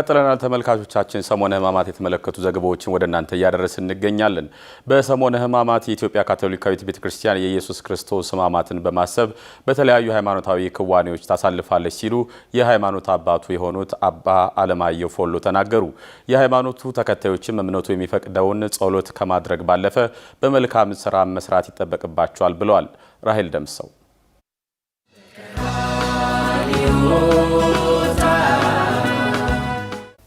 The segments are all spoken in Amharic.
ቀጥለናል ተመልካቾቻችን፣ ሰሞነ ሕማማት የተመለከቱ ዘገባዎችን ወደ እናንተ እያደረስን እንገኛለን። በሰሞነ ሕማማት የኢትዮጵያ ካቶሊካዊት ቤተ ክርስቲያን የኢየሱስ ክርስቶስ ሕማማትን በማሰብ በተለያዩ ሃይማኖታዊ ክዋኔዎች ታሳልፋለች ሲሉ የሃይማኖት አባቱ የሆኑት አባ አለማየሁ ፎሎ ተናገሩ። የሃይማኖቱ ተከታዮችም እምነቱ የሚፈቅደውን ጸሎት ከማድረግ ባለፈ በመልካም ስራ መስራት ይጠበቅባቸዋል ብለዋል። ራሄል ደምሰው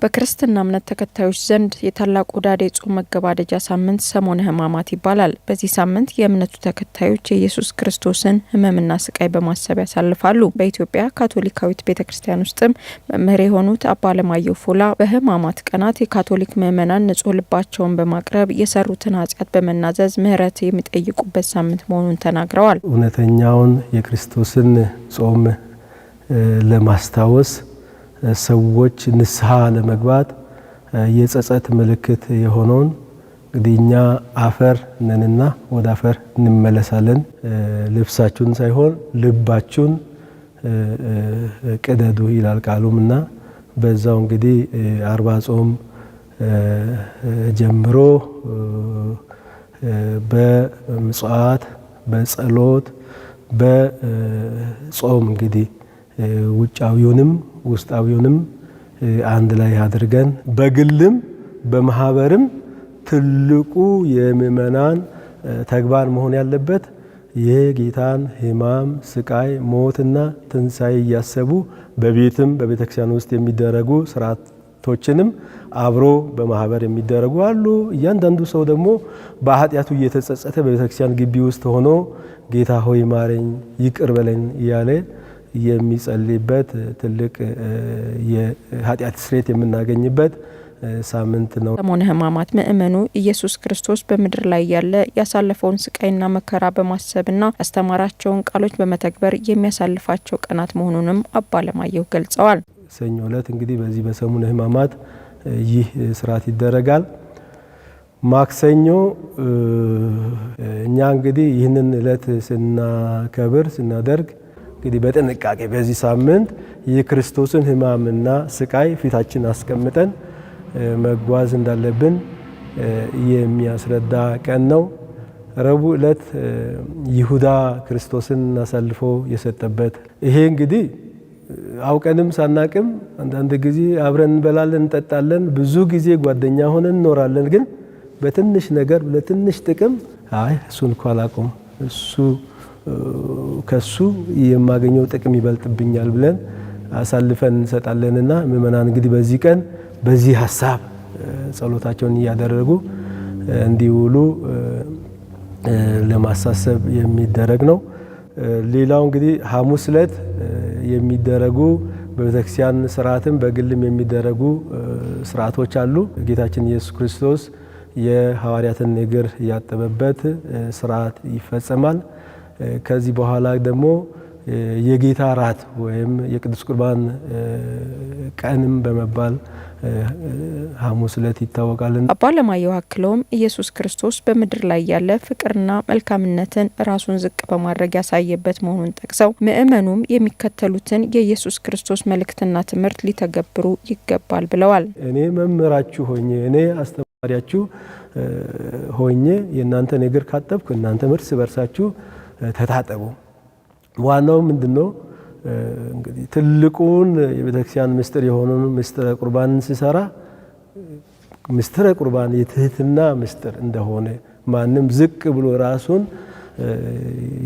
በክርስትና እምነት ተከታዮች ዘንድ የታላቁ ዳዴ ጾም መገባደጃ ሳምንት ሰሞነ ሕማማት ይባላል። በዚህ ሳምንት የእምነቱ ተከታዮች የኢየሱስ ክርስቶስን ሕመምና ስቃይ በማሰብ ያሳልፋሉ። በኢትዮጵያ ካቶሊካዊት ቤተ ክርስቲያን ውስጥም መምህር የሆኑት አባ አለማየሁ ፎላ በሕማማት ቀናት የካቶሊክ ምዕመናን ንጹሕ ልባቸውን በማቅረብ የሰሩትን ኃጢአት በመናዘዝ ምሕረት የሚጠይቁበት ሳምንት መሆኑን ተናግረዋል። እውነተኛውን የክርስቶስን ጾም ለማስታወስ ሰዎች ንስሐ ለመግባት የጸጸት ምልክት የሆነውን እንግዲህ እኛ አፈር ነንና ወደ አፈር እንመለሳለን። ልብሳችሁን ሳይሆን ልባችሁን ቅደዱ ይላል ቃሉም እና በዛው እንግዲህ አርባ ጾም ጀምሮ በምጽዋት በጸሎት በጾም እንግዲህ ውጫዊውንም ውስጣዊውንም አንድ ላይ አድርገን በግልም በማህበርም ትልቁ የምእመናን ተግባር መሆን ያለበት ይህ ጌታን ሕማም፣ ስቃይ፣ ሞትና ትንሣኤ እያሰቡ በቤትም በቤተ ክርስቲያን ውስጥ የሚደረጉ ስርዓቶችንም አብሮ በማህበር የሚደረጉ አሉ። እያንዳንዱ ሰው ደግሞ በኃጢአቱ እየተጸጸተ በቤተ ክርስቲያን ግቢ ውስጥ ሆኖ ጌታ ሆይ ማረኝ፣ ይቅር በለኝ እያለ የሚጸልይበት ትልቅ የኃጢአት ስሬት የምናገኝበት ሳምንት ነው። ሰሙነ ሕማማት ምእመኑ ኢየሱስ ክርስቶስ በምድር ላይ ያለ ያሳለፈውን ስቃይና መከራ በማሰብና ያስተማራቸውን ቃሎች በመተግበር የሚያሳልፋቸው ቀናት መሆኑንም አባ ለማየሁ ገልጸዋል። ሰኞ ዕለት እንግዲህ በዚህ በሰሙነ ሕማማት ይህ ስርዓት ይደረጋል። ማክሰኞ እኛ እንግዲህ ይህንን ዕለት ስናከብር ስናደርግ እንግዲህ በጥንቃቄ በዚህ ሳምንት የክርስቶስን ሕማምና ስቃይ ፊታችን አስቀምጠን መጓዝ እንዳለብን የሚያስረዳ ቀን ነው። ረቡዕ ዕለት ይሁዳ ክርስቶስን አሳልፎ የሰጠበት ይሄ እንግዲህ አውቀንም ሳናቅም አንዳንድ ጊዜ አብረን እንበላለን፣ እንጠጣለን፣ ብዙ ጊዜ ጓደኛ ሆነን እንኖራለን። ግን በትንሽ ነገር ለትንሽ ጥቅም አይ እሱን እኮ አላውቀውም እሱ ከሱ የማገኘው ጥቅም ይበልጥብኛል ብለን አሳልፈን እንሰጣለንና ምእመናን እንግዲህ በዚህ ቀን በዚህ ሀሳብ ጸሎታቸውን እያደረጉ እንዲውሉ ለማሳሰብ የሚደረግ ነው። ሌላው እንግዲህ ሐሙስ ዕለት የሚደረጉ በቤተክርስቲያን ስርዓትም በግልም የሚደረጉ ስርዓቶች አሉ። ጌታችን ኢየሱስ ክርስቶስ የሐዋርያትን እግር ያጠበበት ስርዓት ይፈጸማል። ከዚህ በኋላ ደግሞ የጌታ ራት ወይም የቅዱስ ቁርባን ቀንም በመባል ሐሙስ ዕለት ይታወቃል። አባ ለማየሁ አክለውም ኢየሱስ ክርስቶስ በምድር ላይ ያለ ፍቅርና መልካምነትን ራሱን ዝቅ በማድረግ ያሳየበት መሆኑን ጠቅሰው ምእመኑም የሚከተሉትን የኢየሱስ ክርስቶስ መልእክትና ትምህርት ሊተገብሩ ይገባል ብለዋል። እኔ መምህራችሁ ሆኜ እኔ አስተማሪያችሁ ሆኜ የእናንተን እግር ካጠብኩ እናንተ ምርት በርሳችሁ ተታጠቡ። ዋናው ምንድን ነው እንግዲህ ትልቁን የቤተክርስቲያን ምስጢር የሆነውን ምስጢረ ቁርባንን ሲሰራ ምስጢረ ቁርባን የትህትና ምስጢር እንደሆነ ማንም ዝቅ ብሎ ራሱን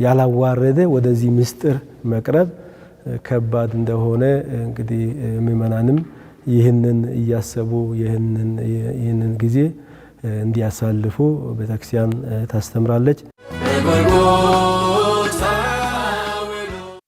ያላዋረደ ወደዚህ ምስጢር መቅረብ ከባድ እንደሆነ እንግዲህ ምእመናንም ይህንን እያሰቡ ይህንን ጊዜ እንዲያሳልፉ ቤተክርስቲያን ታስተምራለች። 飞过。